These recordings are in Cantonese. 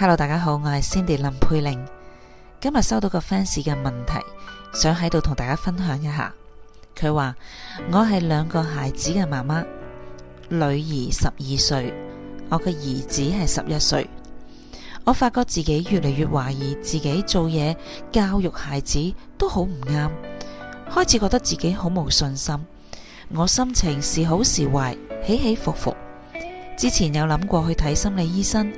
Hello，大家好，我係 Cindy 林佩玲。今日收到個 fans 嘅問題，想喺度同大家分享一下。佢話，我係兩個孩子嘅媽媽，女兒十二歲，我嘅兒子係十一歲。我發覺自己越嚟越懷疑自己做嘢，教育孩子都好唔啱，開始覺得自己好冇信心。我心情時好時壞，起起伏伏。之前有諗過去睇心理醫生，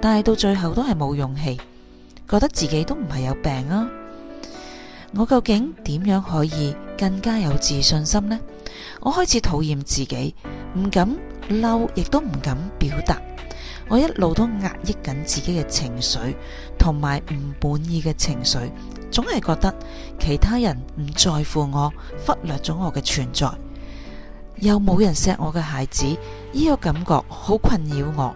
但係到最後都係冇勇氣，覺得自己都唔係有病啊！我究竟點樣可以更加有自信心呢？我開始討厭自己，唔敢嬲，亦都唔敢表達。我一路都壓抑緊自己嘅情緒，同埋唔滿意嘅情緒，總係覺得其他人唔在乎我，忽略咗我嘅存在，又冇人錫我嘅孩子。呢個感覺好困擾我，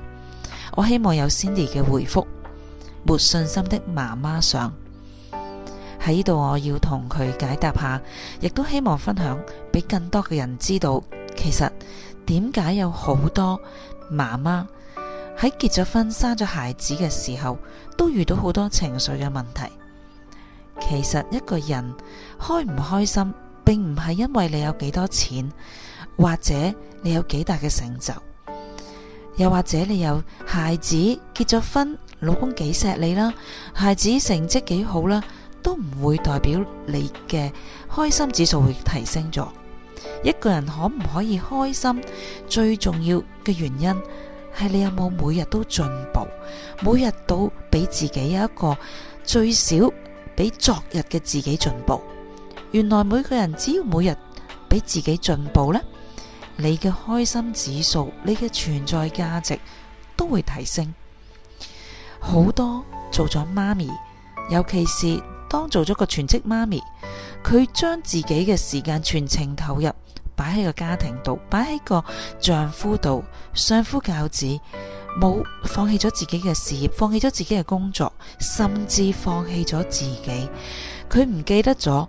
我希望有 Cindy 嘅回覆沒信心的媽媽想。喺呢度，我要同佢解答下，亦都希望分享俾更多嘅人知道，其實點解有好多媽媽喺結咗婚、生咗孩子嘅時候，都遇到好多情緒嘅問題？其實一個人開唔開心，並唔係因為你有幾多錢。或者你有幾大嘅成就，又或者你有孩子結咗婚，老公幾錫你啦，孩子成績幾好啦，都唔會代表你嘅開心指數會提升咗。一個人可唔可以開心，最重要嘅原因係你有冇每日都進步，每日都俾自己一個最少比昨日嘅自己進步。原來每個人只要每日俾自己進步呢。你嘅開心指數，你嘅存在價值都會提升。好多做咗媽咪，尤其是當做咗個全職媽咪，佢將自己嘅時間全程投入，擺喺個家庭度，擺喺個丈夫度，相夫教子，冇放棄咗自己嘅事業，放棄咗自己嘅工作，甚至放棄咗自己。佢唔記得咗，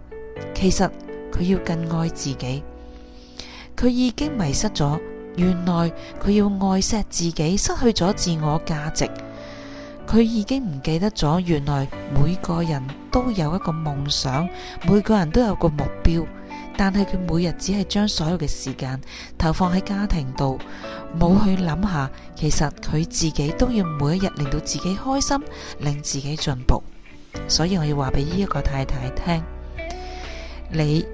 其實佢要更愛自己。佢已經迷失咗，原來佢要愛錫自己，失去咗自我價值。佢已經唔記得咗，原來每個人都有一個夢想，每個人都有個目標，但係佢每日只係將所有嘅時間投放喺家庭度，冇去諗下，其實佢自己都要每一日令到自己開心，令自己進步。所以我要話俾呢一個太太聽，你。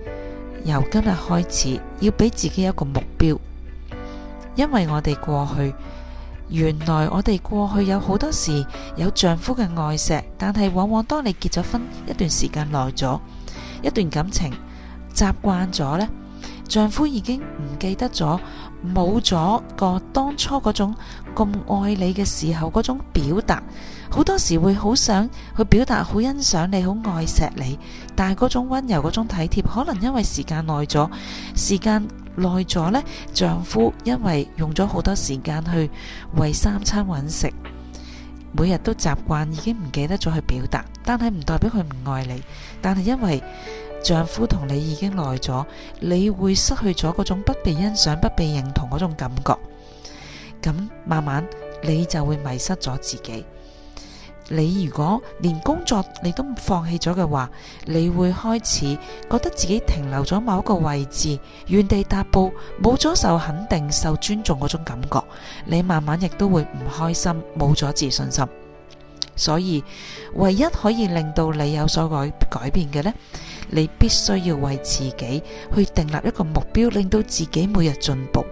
由今日開始，要俾自己一個目標，因為我哋過去原來我哋過去有好多時有丈夫嘅愛錫，但係往往當你結咗婚，一段時間耐咗，一段感情習慣咗呢。丈夫已經唔記得咗，冇咗個當初嗰種咁愛你嘅時候嗰種表達，好多時會好想去表達，好欣賞你，好愛錫你，但係嗰種溫柔、嗰種體貼，可能因為時間耐咗，時間耐咗呢，丈夫因為用咗好多時間去為三餐揾食。每日都習慣已經唔記得咗去表達，但係唔代表佢唔愛你，但係因為丈夫同你已經耐咗，你會失去咗嗰種不被欣賞、不被認同嗰種感覺，咁慢慢你就會迷失咗自己。你如果連工作你都放棄咗嘅話，你會開始覺得自己停留咗某一個位置，原地踏步，冇咗受肯定、受尊重嗰種感覺。你慢慢亦都會唔開心，冇咗自信心。所以，唯一可以令到你有所改改變嘅咧，你必須要為自己去訂立一個目標，令到自己每日進步。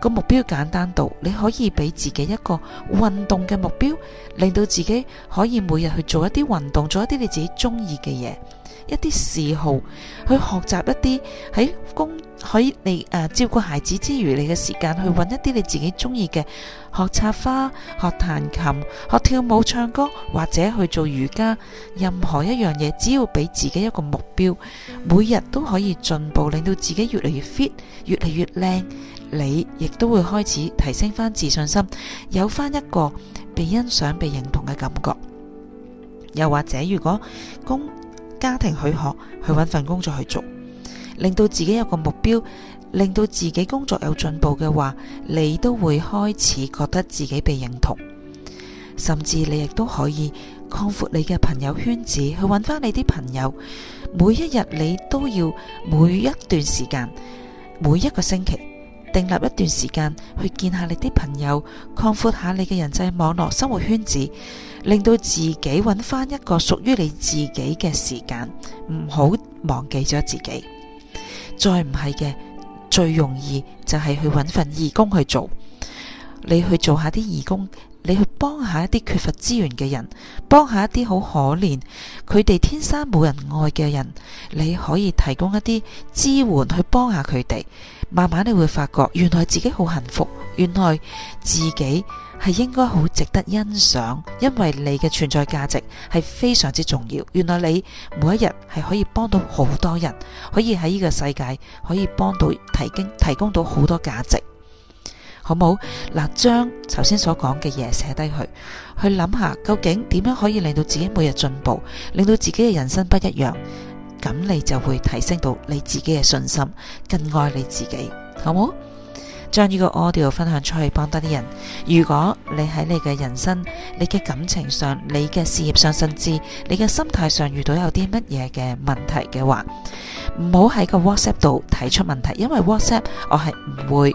個目標簡單到你可以俾自己一個運動嘅目標，令到自己可以每日去做一啲運動，做一啲你自己中意嘅嘢，一啲嗜好去學習一啲喺工喺你誒、啊、照顧孩子之餘，你嘅時間去搵一啲你自己中意嘅學插花、學彈琴、學跳舞、唱歌，或者去做瑜伽，任何一樣嘢，只要俾自己一個目標，每日都可以進步，令到自己越嚟越 fit，越嚟越靚。你亦都會開始提升翻自信心，有翻一個被欣賞、被認同嘅感覺。又或者，如果公家庭許可，去搵份工作去做，令到自己有個目標，令到自己工作有進步嘅話，你都會開始覺得自己被認同。甚至你亦都可以擴闊你嘅朋友圈子，去搵翻你啲朋友。每一日你都要每一段時間，每一個星期，訂立一段時間去見下你啲朋友，擴闊下你嘅人際網絡、生活圈子，令到自己揾翻一個屬於你自己嘅時間，唔好忘記咗自己。再唔係嘅，最容易就係去揾份義工去做，你去做下啲義工。你去幫下一啲缺乏資源嘅人，幫下一啲好可憐、佢哋天生冇人愛嘅人，你可以提供一啲支援去幫下佢哋。慢慢你會發覺，原來自己好幸福，原來自己係應該好值得欣賞，因為你嘅存在價值係非常之重要。原來你每一日係可以幫到好多人，可以喺呢個世界可以幫到提供提供到好多價值。好冇嗱，將頭先所講嘅嘢寫低去，去諗下究竟點樣可以令到自己每日進步，令到自己嘅人生不一樣，咁你就會提升到你自己嘅信心，更愛你自己，好冇？將呢個 all 掉分享出去，幫得啲人。如果你喺你嘅人生，你嘅感情上，你嘅事業上，甚至你嘅心態上遇到有啲乜嘢嘅問題嘅話，唔好喺個 WhatsApp 度提出問題，因為 WhatsApp 我係唔會。